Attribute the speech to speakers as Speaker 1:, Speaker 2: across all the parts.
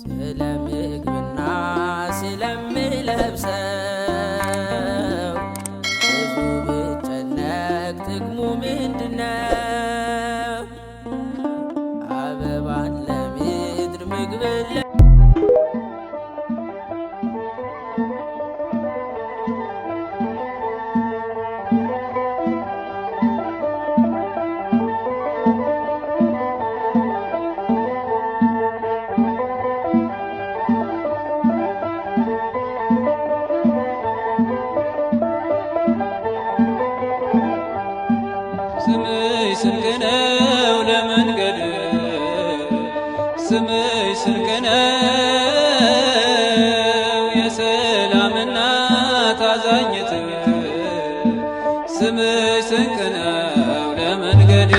Speaker 1: ስለምግብ አዛኝት ስምሽ ስንቅ ነው ለመንገድ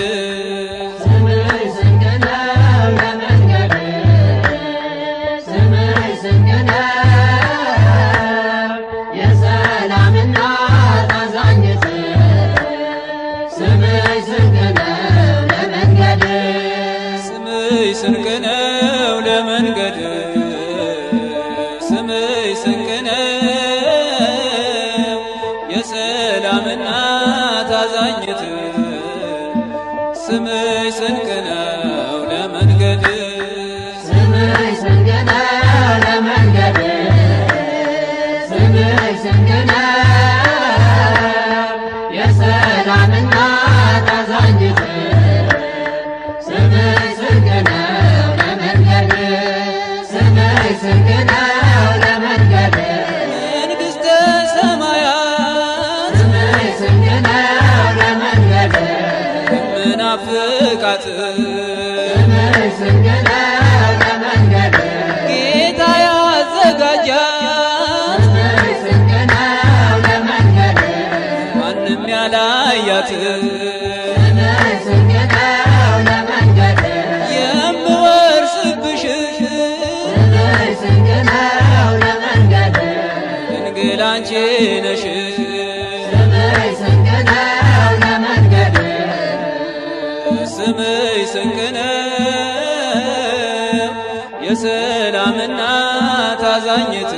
Speaker 2: ሰላምና ታዛኝነት
Speaker 1: ስንክነው የሰላም እናት አዛኝት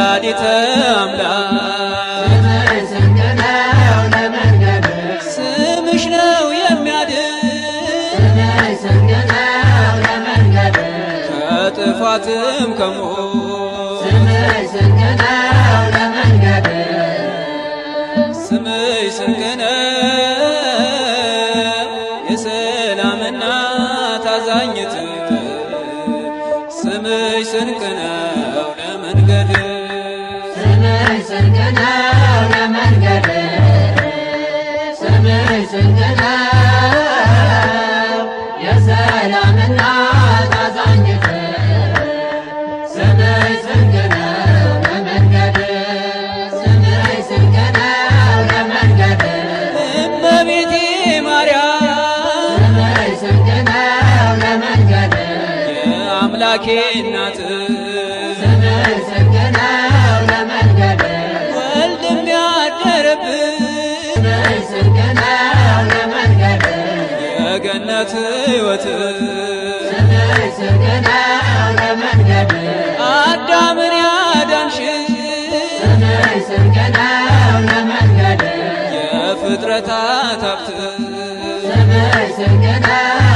Speaker 1: ወላዲተ
Speaker 2: አምላክ
Speaker 1: ስምሽ ነው የሚያድን ከጥፋትም ከሞት አምላኬ እናት
Speaker 2: ስብስግናው ለመንገድ
Speaker 1: ወልድም ያደረብ
Speaker 2: ስብስግናው ለመንገድ
Speaker 1: የገነት ሕይወት አዳምን ያዳንሽ
Speaker 2: ስብስግናው ለመንገድ
Speaker 1: የፍጥረታት ሀብት
Speaker 2: ስብስግናው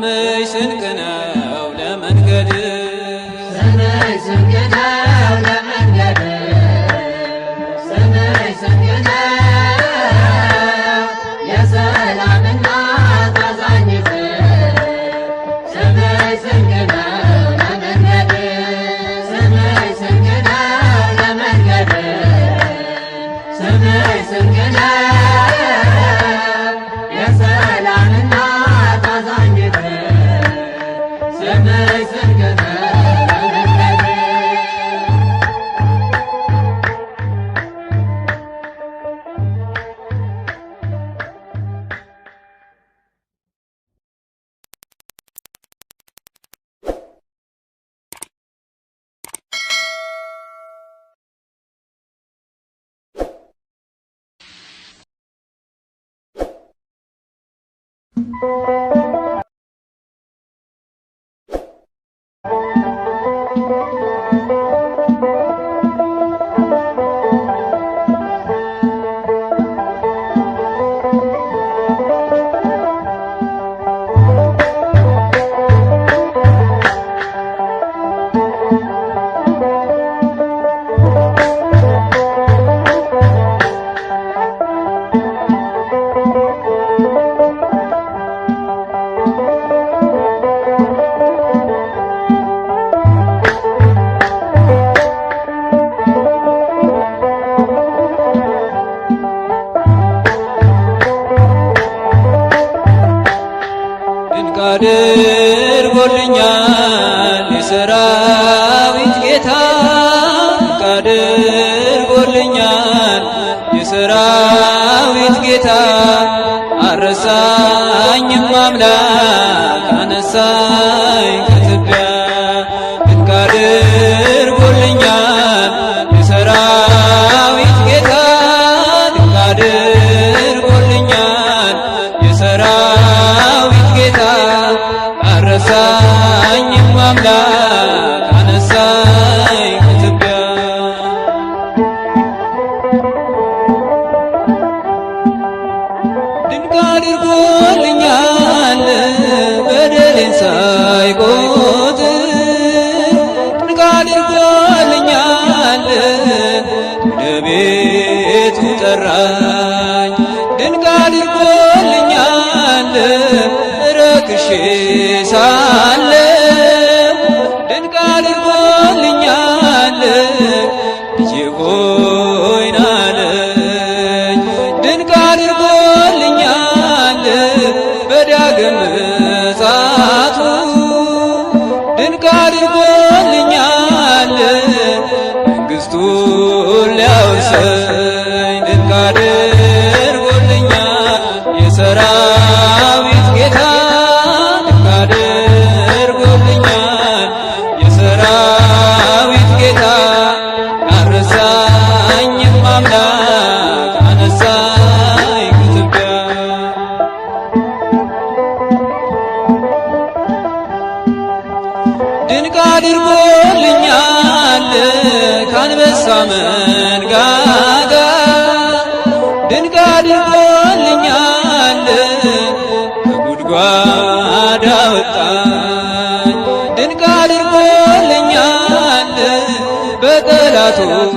Speaker 1: سمي سنقنا ولمن قدر
Speaker 2: سمي سنقنا Thank you.
Speaker 1: አድርጎልኛል የሰራዊት ጌታ አድርጎልኛል የሰራዊት ጌታ አረሳኝም አምላክ बख्शिशा todo.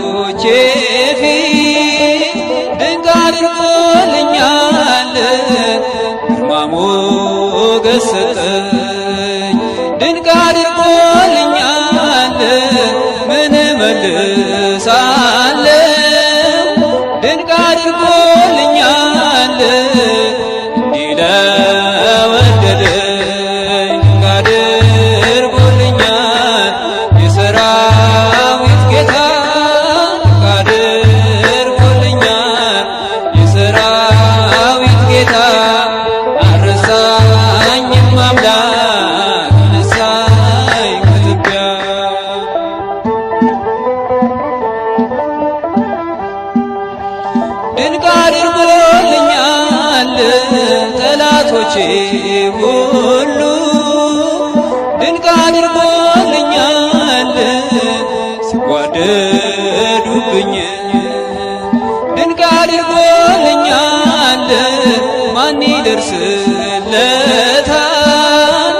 Speaker 1: ይደርስለታል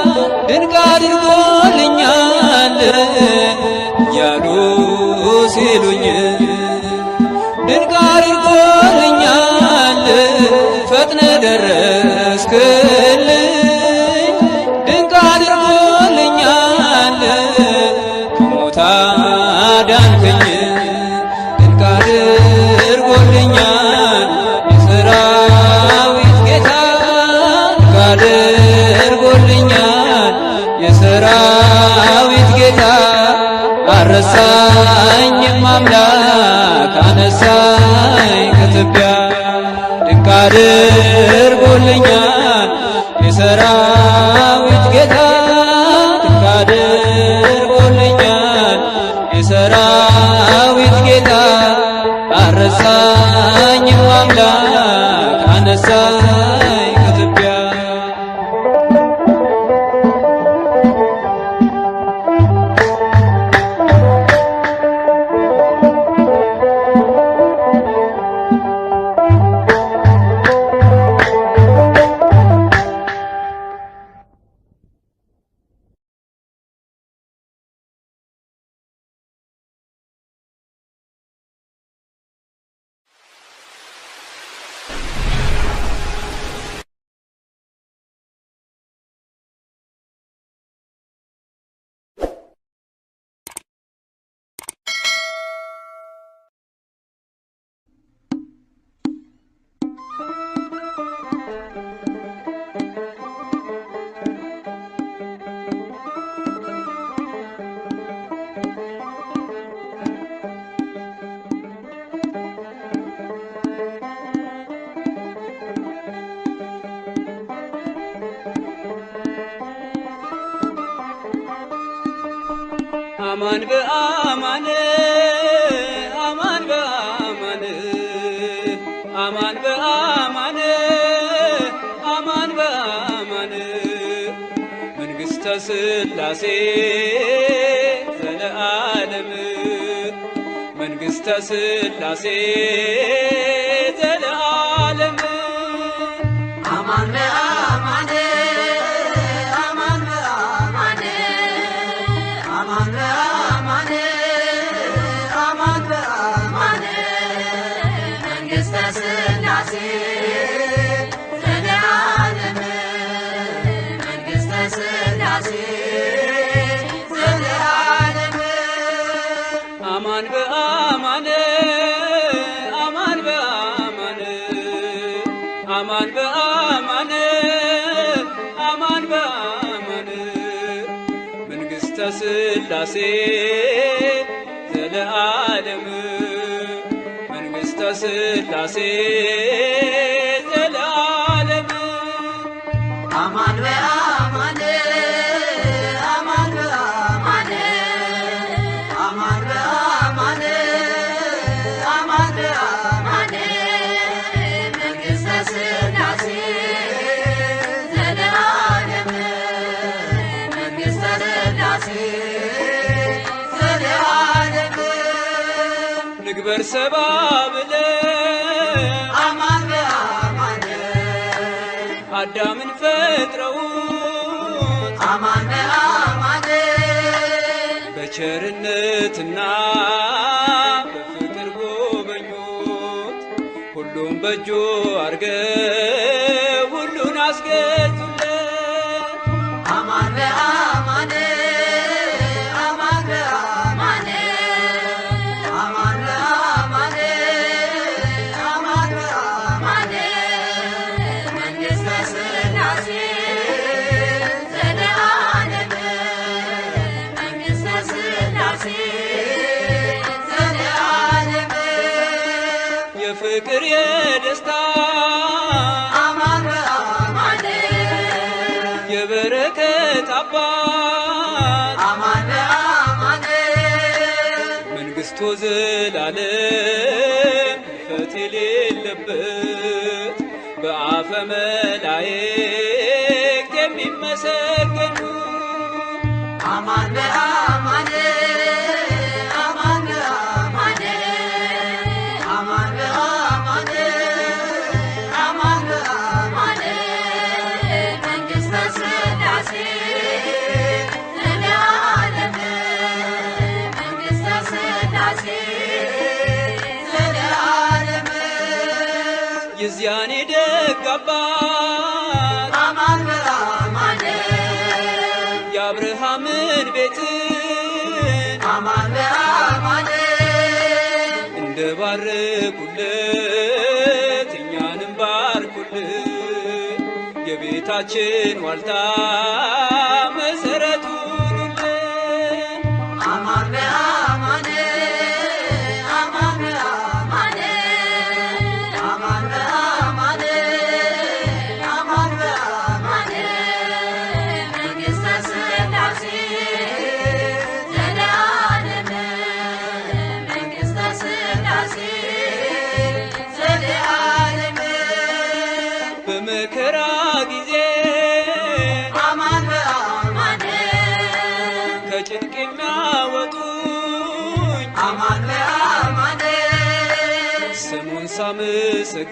Speaker 1: ድንቅ አድርጎልኛል ያሉ ሲሉኝ ድንቅ አድርጎልኛል ፈጥነ ደረስክል አነሳኝ አምላክ አነሳኝ ከትቢያ ድንቅ አድርጎልኛል የሰራዊት ጌታ መንግሥተ ሥላሴ ዘላ I say. በቸርነትና በፍቅር ጎበኙት። ሁሉም በእጁ አርገ ሁሉን አስገጅ ዘላለም ፈት የሌለበት በአፈ መላእክት የሚመሰገኑ ባርኩለት፣ እኛንም ባርኩልን የቤታችን ዋልታ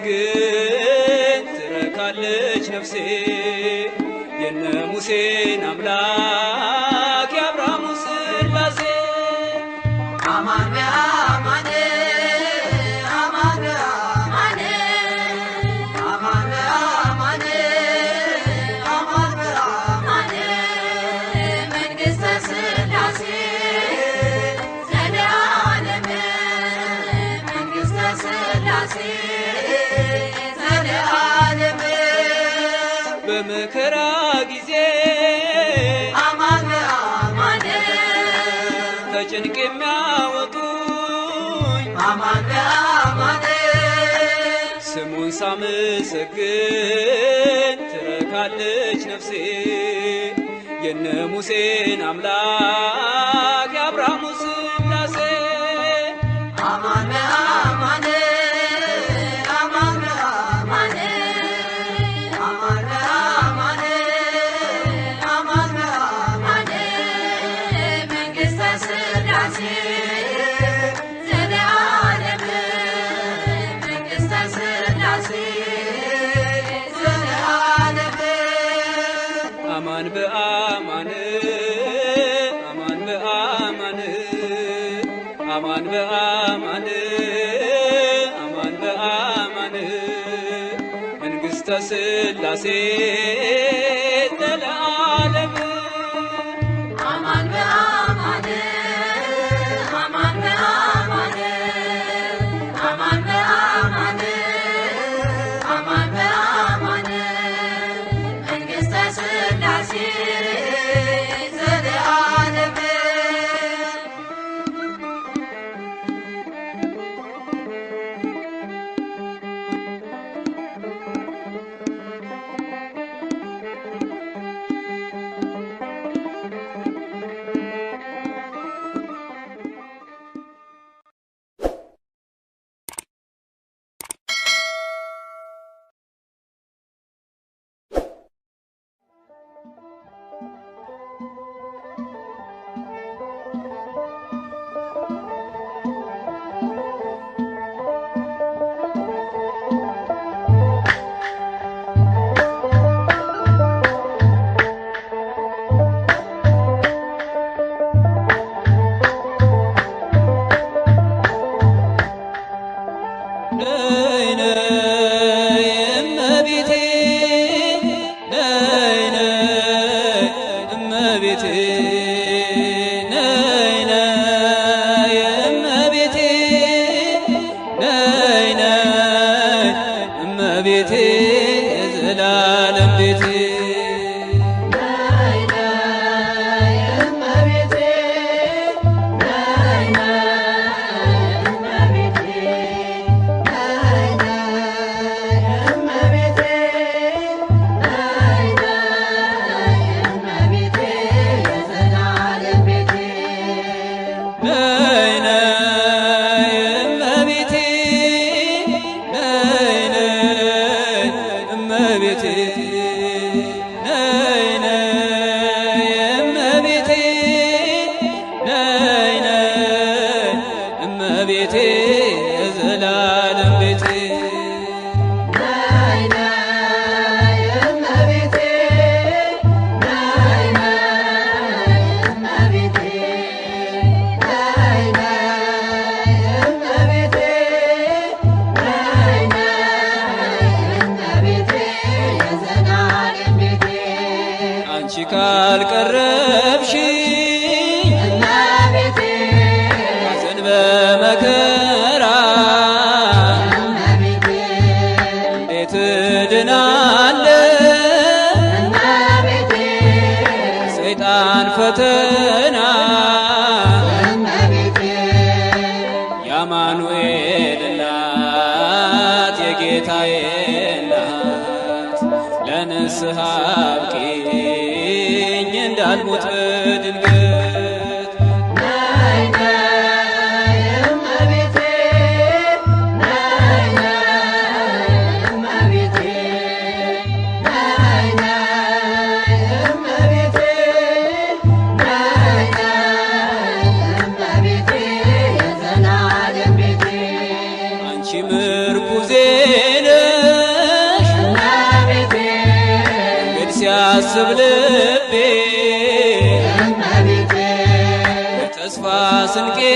Speaker 1: ግን ትረካለች ነፍሴ የነ ሙሴን አምላክ ሳመሰግን ትረካለች ነፍሴ የነ ሙሴን አምላክ የአብርሃሙ I hacer. 我。वासन के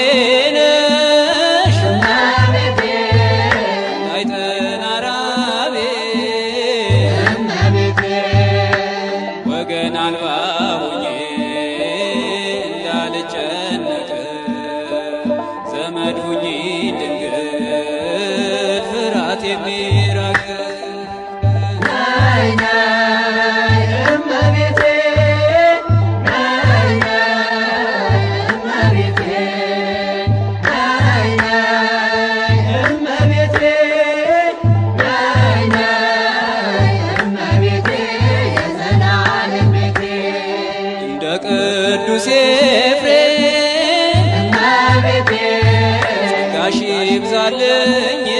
Speaker 1: ጸጋሽ ይብዛልኝ